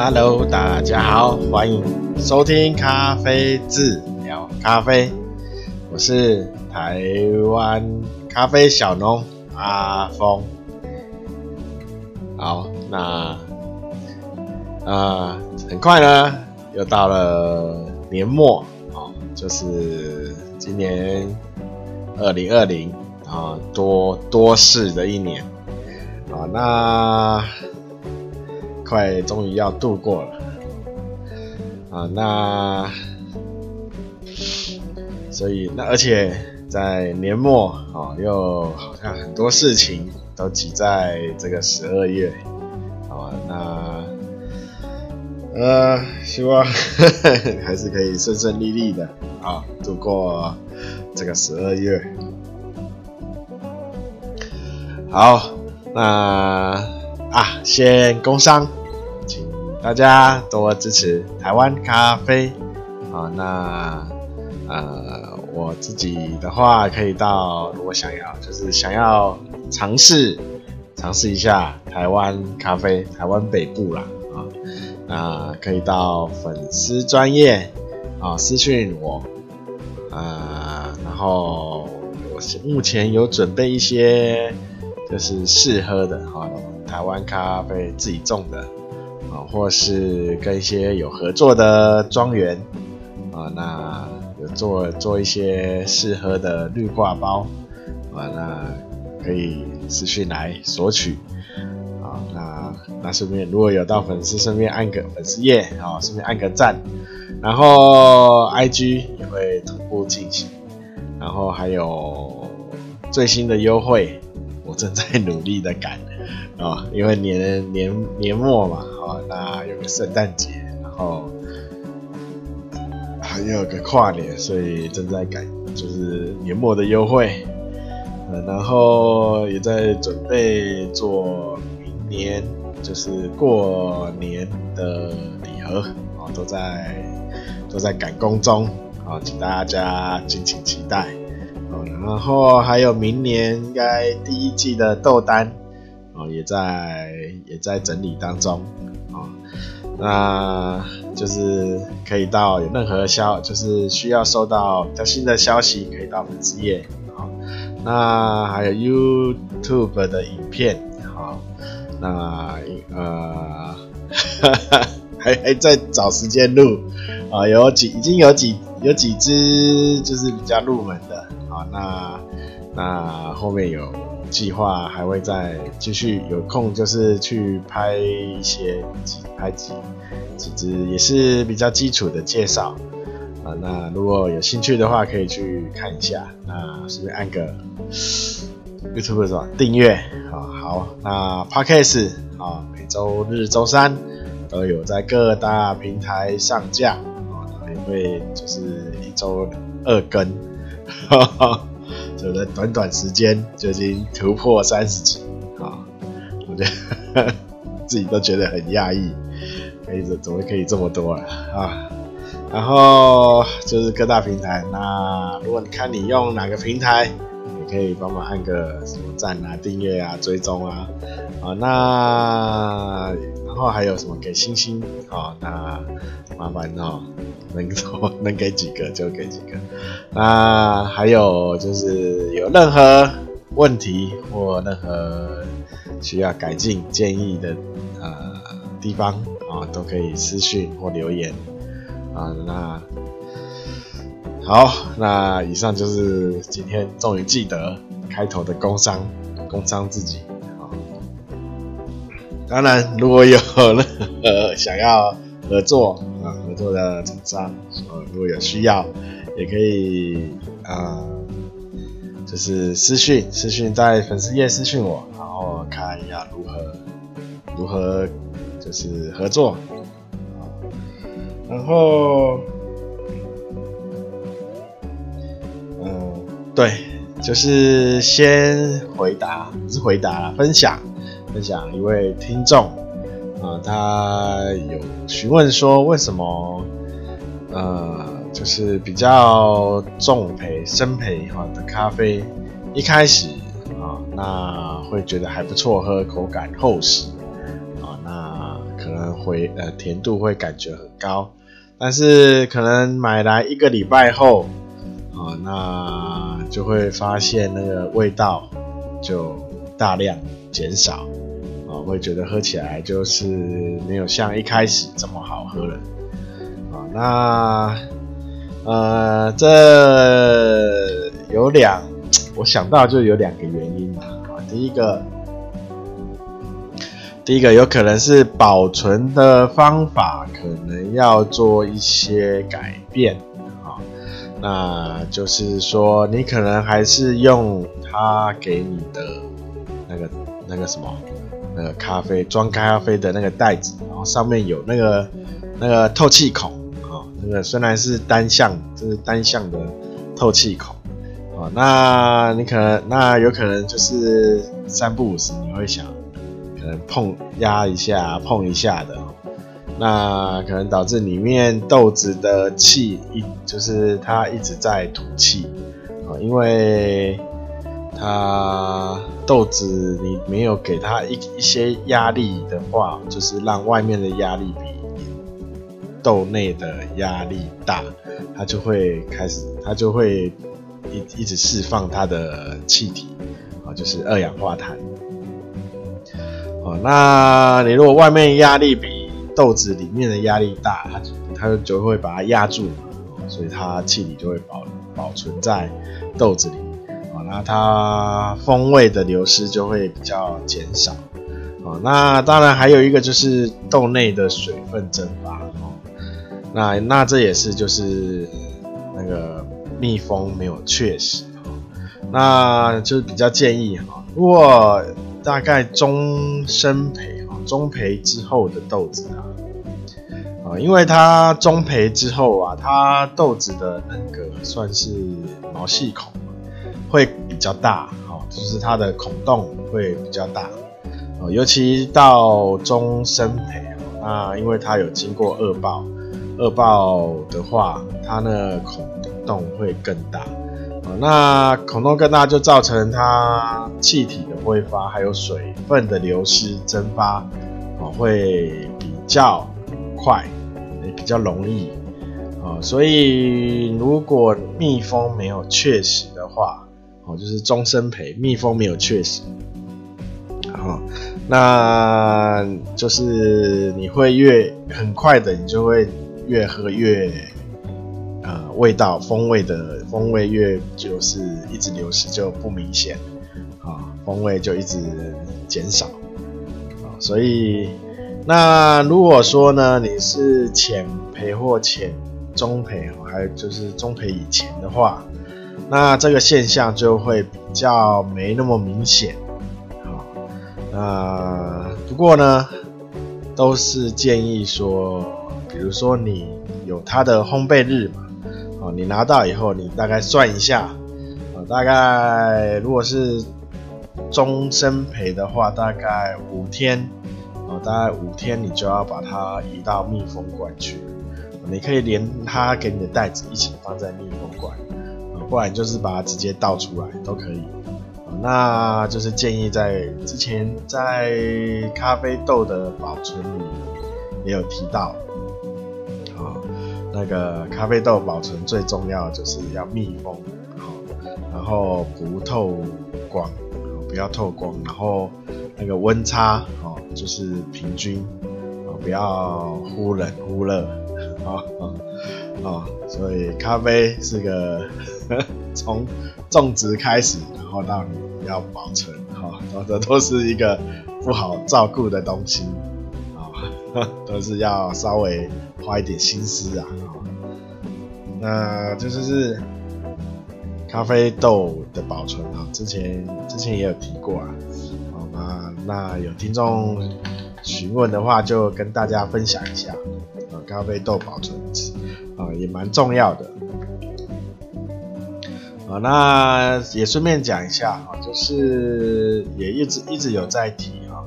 Hello，大家好，歡迎收聽咖啡智聊咖啡，我是台灣咖啡小農阿峰。好，那啊、呃，很快呢，又到了年末啊、哦，就是今年二零二零啊多多事的一年啊、哦，那。快終於要度過了啊！那所以那而且在年末哦，又好像很多事情都擠在這個十二月啊、哦。那呃，希望呵呵還是可以順順利利的啊、哦、度過這個十二月。好，那啊，先工商。大家多支持台灣咖啡啊！那呃，我自己的話可以到，如果想要就是想要嘗試嘗試一下台灣咖啡，台灣北部啦啊，那、呃、可以到粉絲專頁啊私訊我啊、呃，然後我目前有準備一些就是試喝的啊，台灣咖啡自己種的。啊、哦，或是跟一些有合作的莊園啊，那有做做一些適合的濾掛包啊、哦，那可以私訊來索取啊、哦。那那順便如果有到粉絲，順便按個粉絲頁啊，順、哦、便按個讚，然後 IG 也會同步進行，然後還有最新的優惠，我正在努力的趕啊、哦，因為年年年末嘛。啊，那有個聖誕節，然後還有個跨年，所以正在趕，就是年末的優惠，嗯，然後也在準備做明年，就是過年的禮盒，啊，都在都在趕工中，啊，請大家敬請期待，哦，然後還有明年應該第一季的豆單。哦，也在也在整理當中，哦，那就是可以到有任何消，就是需要收到比較新的消息，可以到粉絲頁，好、哦，那還有 YouTube 的影片，好、哦，那呃，哈哈，還還在找時間錄，啊、哦，有幾已經有幾。有幾支就是比較入門的，好，那那後面有計劃還會再繼續有空就是去拍一些幾拍幾幾支也是比較基礎的介紹，啊，那如果有興趣的話可以去看一下，那隨便按個 YouTube 是吧？訂閱，啊好，好，那 Podcast 啊每週日週三都有在各大平台上架。因為就是一周二更，哈哈，就在短短時間就已經突破三十幾啊！我覺得呵呵自己都覺得很訝異哎，這、欸、怎麼可以這麼多啊？啊，然後就是各大平台，那如果你看你用哪個平台，也可以幫忙按個什麼讚啊、訂閱啊、追蹤啊，啊，那。然後還有什麼給星星？好、哦，那麻煩哦，能能給幾個就給幾個。那還有就是有任何問題或任何需要改進建議的呃地方啊、哦，都可以私訊或留言啊、呃。那好，那以上就是今天終於記得開頭的工商，工商自己。當然，如果有、呃、想要合作啊、嗯、合作的廠商說，如果有需要，也可以啊、嗯，就是私訊私訊在粉絲頁私訊我，然後看一下如何如何就是合作啊，然後嗯，對，就是先回答，不是回答，分享，分享一位聽眾，啊、呃，他有詢問說，為什麼，呃，就是比較重焙、深焙哈的咖啡，一開始啊、呃，那會覺得還不錯喝，口感厚實，啊、呃，那可能會呃甜度會感覺很高，但是可能買來一個禮拜後，啊、呃，那就會發現那個味道就大量減少。我會覺得喝起來就是沒有像一開始這麼好喝了啊。那呃，這有兩，我想到就有兩個原因啊。第一個，第一個有可能是保存的方法可能要做一些改變啊。那就是說，你可能還是用他給你的那個那個什麼。呃，咖啡裝咖啡的那個袋子，然後上面有那個那個透氣孔啊、哦，那個雖然是單向，就是單向的透氣孔啊、哦，那你可能那有可能就是三不五時你會想可能碰壓一下碰一下的、哦，那可能導致裡面豆子的氣一就是它一直在吐氣、哦、因為。它、啊、豆子你沒有給它一一些壓力的話，就是讓外面的壓力比豆內的壓力大，它就會開始，它就會一一直釋放它的氣體啊，就是二氧化碳。哦，那你如果外面壓力比豆子裡面的壓力大，它它就會把它壓住，所以它氣體就會保保存在豆子裡面。哦，那它風味的流失就會比較減少。哦，那當然還有一個就是豆內的水分蒸發。哦，那那這也是就是那個密封沒有確實、哦。那就比較建議哈、哦，如果大概中深焙、哦，中焙之後的豆子啊，啊、哦，因為它中焙之後啊，它豆子的那個算是毛細孔。會比較大，好，就是它的孔洞會比較大，哦，尤其到中深焙，那因為它有經過二爆，二爆的話，它呢孔洞會更大，那孔洞更大就造成它氣體的揮發，還有水分的流失蒸發，會比較快，也比較容易，啊，所以如果密封沒有確實的話，哦，就是深焙，密封沒有確實。好、哦，那就是你會越很快的，你就會越喝越呃味道風味的風味越就是一直流失就不明顯，啊、哦，風味就一直減少，啊、哦，所以那如果說呢，你是淺焙或淺中焙，還有就是中焙以前的話。那這個現象就會比較沒那麼明顯，啊，不過呢，都是建議說，比如說你有它的烘焙日嘛，啊，你拿到以後，你大概算一下，啊，大概如果是中深焙的話，大概五天，啊，大概五天你就要把它移到密封罐去，啊，你可以連它給你的袋子一起放在密封罐。不然就是把它直接倒出來都可以，那就是建議在之前在咖啡豆的保存裡也有提到，啊，那個咖啡豆保存最重要的就是要密封，好，然後不透光，好，不要透光，然後那個溫差，哦，就是平均，啊，不要忽冷忽熱，啊。好哦，所以咖啡是個呵呵從種植開始，然後到你要保存，哈、哦，這都是一個不好照顧的東西，啊、哦，都是要稍微花一點心思啊，啊、哦，那就是是咖啡豆的保存啊、哦，之前之前也有提過啊，好、哦、嘛，那有聽眾詢問的話，就跟大家分享一下。咖啡豆保存期啊，也蠻重要的啊。那也順便講一下、啊、就是也一直一直有在提啊。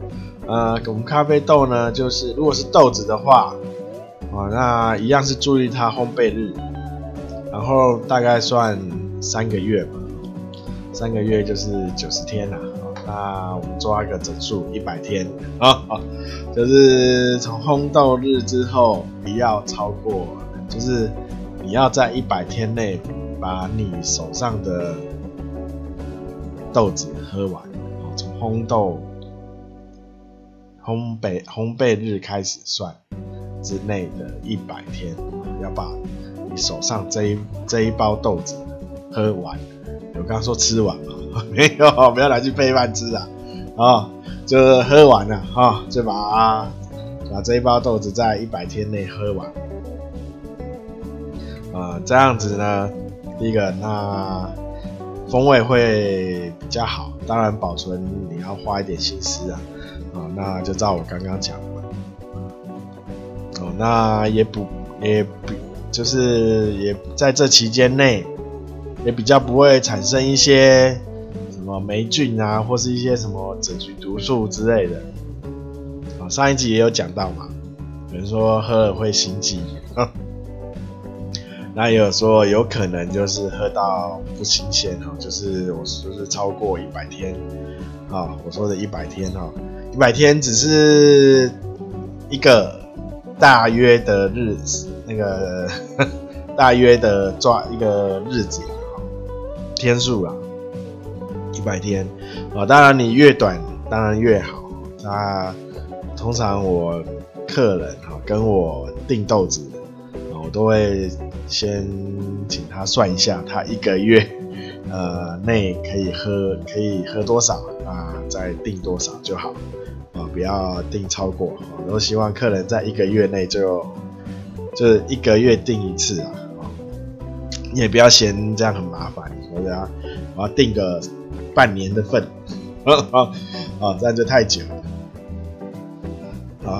呃、啊，我們咖啡豆呢，就是如果是豆子的話啊，那一樣是注意它烘焙日，然後大概算三個月吧，三個月就是九十天啦、啊啊。那我們抓一個整數，一百天啊就是從烘豆日之後。不要超過，就是你要在一百天內把你手上的豆子喝完，從烘豆烘焙、烘焙日開始算，之內的一百天，要把你手上這一這一包豆子喝完。我剛剛說吃完沒有，不要拿去配飯吃啊！啊，就是喝完了啊，就把。把這一包豆子在一百天內喝完，啊、呃，這樣子呢，第一個，那風味會比較好，當然保存你要花一點心思啊，啊、呃，那就照我剛剛講的，哦、呃，那也不也比就是也在這期間內也比較不會產生一些什麼黴菌啊，或是一些什麼真菌毒素之類的。上一集也有講到嘛，有人說喝了會心悸，那也有說有可能就是喝到不新鮮哦，就是我就是超過一百天啊、哦，我說的一百天哦，一百天只是一個大約的日子，那個呵呵大約的抓一個日子、哦、天數啊，一百天啊、哦，當然你越短當然越好那。啊通常我客人哈跟我訂豆子，我都會先請他算一下，他一個月呃內可以喝可以喝多少啊，再訂多少就好啊，不要訂超過。我都希望客人在一個月內就就是一個月訂一次啊，你也不要嫌這樣很麻煩，我要我要訂個半年的份，啊，這樣就太久了。啊、哦，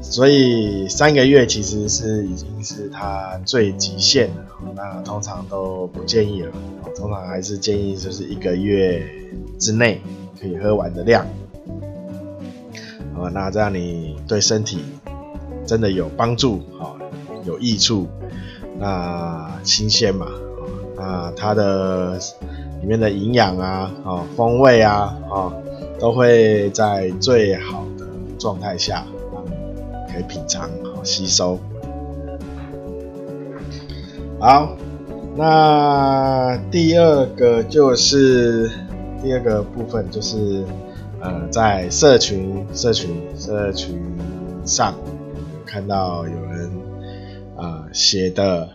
所以三個月其實是已經是它最極限了。那通常都不建議了、哦，通常還是建議就是一個月之內可以喝完的量。好、哦，那這樣你對身體真的有幫助，好、哦、有益處。那新鮮嘛、哦，那它的裡面的營養啊，哦、風味啊，啊、哦，都會在最好狀態下、嗯、可以品嘗好、哦、吸收。好，那第二個就是第二個部分，就是呃，在社群社群社群上有看到有人啊寫、呃、的，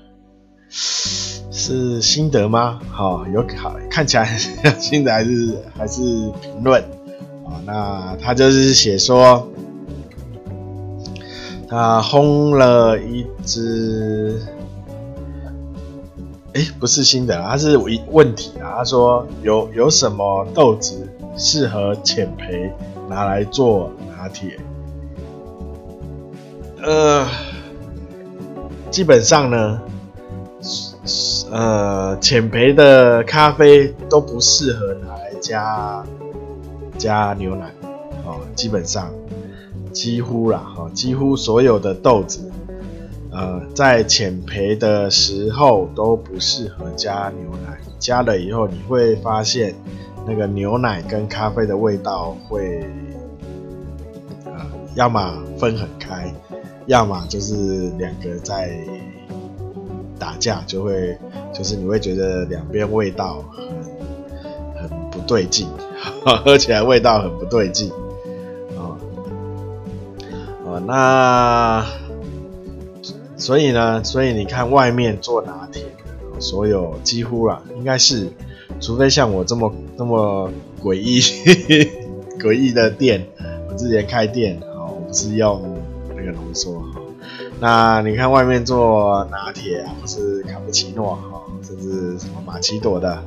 是心得嗎？好、哦，有好看起來 心得還是還是評論啊？那他就是寫說。他、呃、烘了一隻，哎，不是新的，他是問問題啊。他說有有什麼豆子適合淺焙拿來做拿鐵？呃，基本上呢，呃，淺焙的咖啡都不適合拿來加加牛奶哦，基本上。幾乎啦，哈，幾乎所有的豆子，呃，在淺焙的時候都不適合加牛奶。加了以後，你會發現那個牛奶跟咖啡的味道會，呃，要麼分很開，要麼就是兩個在打架，就會，就是你會覺得兩邊味道很很不對勁，哈，喝起來味道很不對勁。那所以呢？所以你看外面做拿鐵的所有幾乎啊，應該是除非像我這麼那麼詭異詭異的店，我之前開店啊，我不是用那個濃縮。那你看外面做拿鐵啊，或是卡布奇諾啊，甚至什麼瑪奇朵的，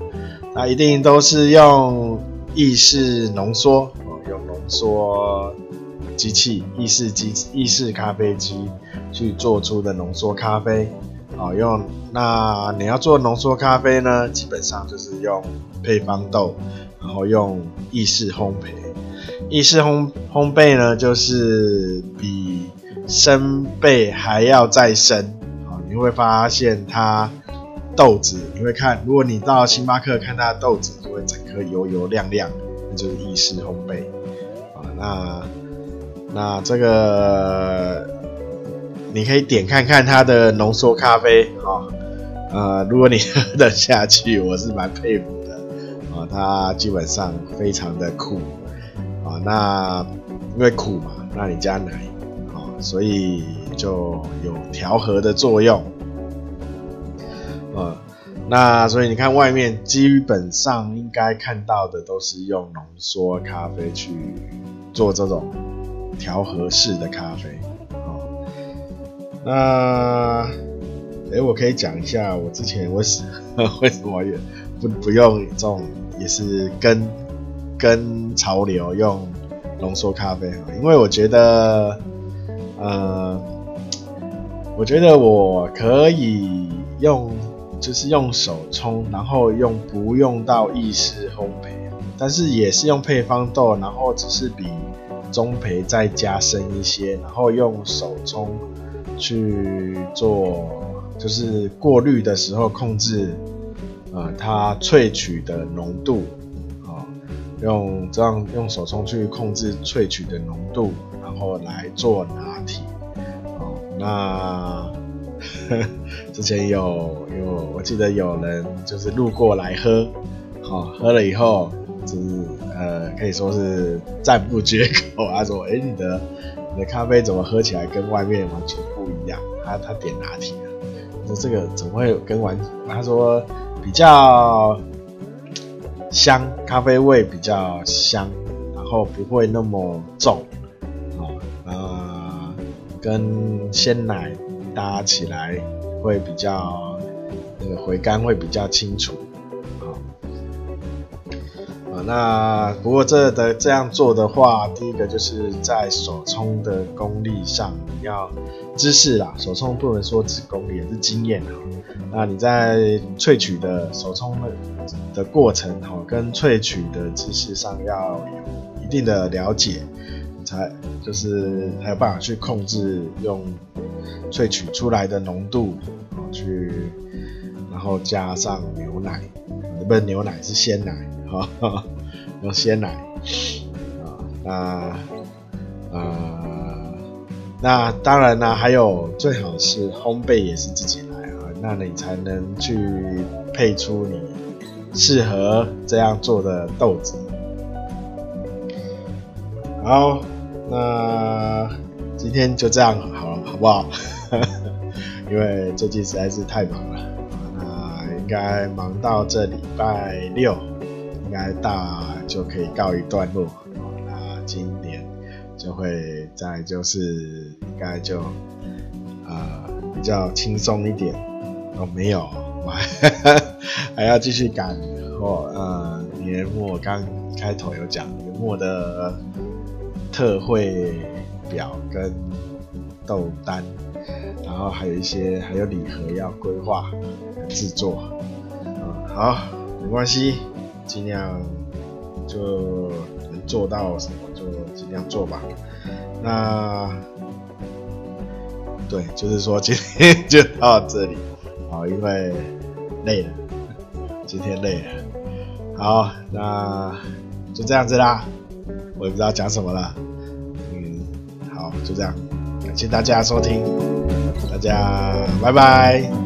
那一定都是用意式濃縮啊，用濃縮。機器意式機意式咖啡機去做出的濃縮咖啡，好、哦、用。那你要做濃縮咖啡呢？基本上就是用配方豆，然後用意式烘焙。意式烘烘焙呢，就是比生焙還要再深。好、哦，你會發現它豆子，你會看，如果你到星巴克看它的豆子，就會整顆油油亮亮，那就是意式烘焙。啊、哦，那。那這個你可以點看看它的濃縮咖啡啊，呃，如果你喝得下去，我是蠻佩服的啊、呃。它基本上非常的苦啊、呃，那因為苦嘛，那你加奶啊、呃，所以就有調和的作用、呃、那所以你看外面基本上應該看到的都是用濃縮咖啡去做這種。調和式的咖啡，好、哦，那誒、欸，我可以講一下，我之前我是為什麼也不不用這種，也是跟跟潮流用濃縮咖啡，因為我覺得，呃，我覺得我可以用，就是用手沖，然後用不用到意式烘焙，但是也是用配方豆，然後只是比。中焙再加深一些，然後用手沖去做，就是過濾的時候控制，呃、它萃取的濃度，啊、哦，用這樣用手沖去控制萃取的濃度，然後來做拿鐵，哦，那呵呵之前有有，我記得有人就是路過來喝，好、哦，喝了以後就是。呃，可以說是讚不絕口啊，他說，哎、欸，你的你的咖啡怎麼喝起來跟外面完全不一樣？他他點拿鐵、啊，我說這個怎麼會跟完？他說比較香，咖啡味比較香，然後不會那麼重，啊、嗯，呃，跟鮮奶搭起來會比較那個，回甘會比較清楚。那不過這的這樣做的話，第一個就是在手沖的功力上，你要知識啦，手沖不能說是功力，也是經驗啊。嗯、那你在萃取的手沖的的過程哈，跟萃取的知識上要有一定的了解，你才就是還有辦法去控制用萃取出來的濃度去然後加上牛奶，不是牛奶是鮮奶哈。呵呵用鮮奶啊，那啊、呃，那當然呢，還有最好是烘焙也是自己來啊，那你才能去配出你適合這樣做的豆子。好，那今天就這樣好了，好不好？ 因為最近實在是太忙了，那應該忙到這禮拜六，應該大。就可以告一段落。那今年就會再，就是應該就呃比較輕鬆一點哦，沒有，我還還要繼續趕貨、哦。呃，年末我剛開頭有講，年末的特惠表跟豆單，然後還有一些還有禮盒要規劃製作、嗯。好，沒關係，盡量。就能做到什麼就盡量做吧。那對，就是說今天 就到這裡。好，因為累了，今天累了。好，那就這樣子啦，我也不知道講什麼了。嗯，好，就這樣，感謝大家收聽，大家拜拜。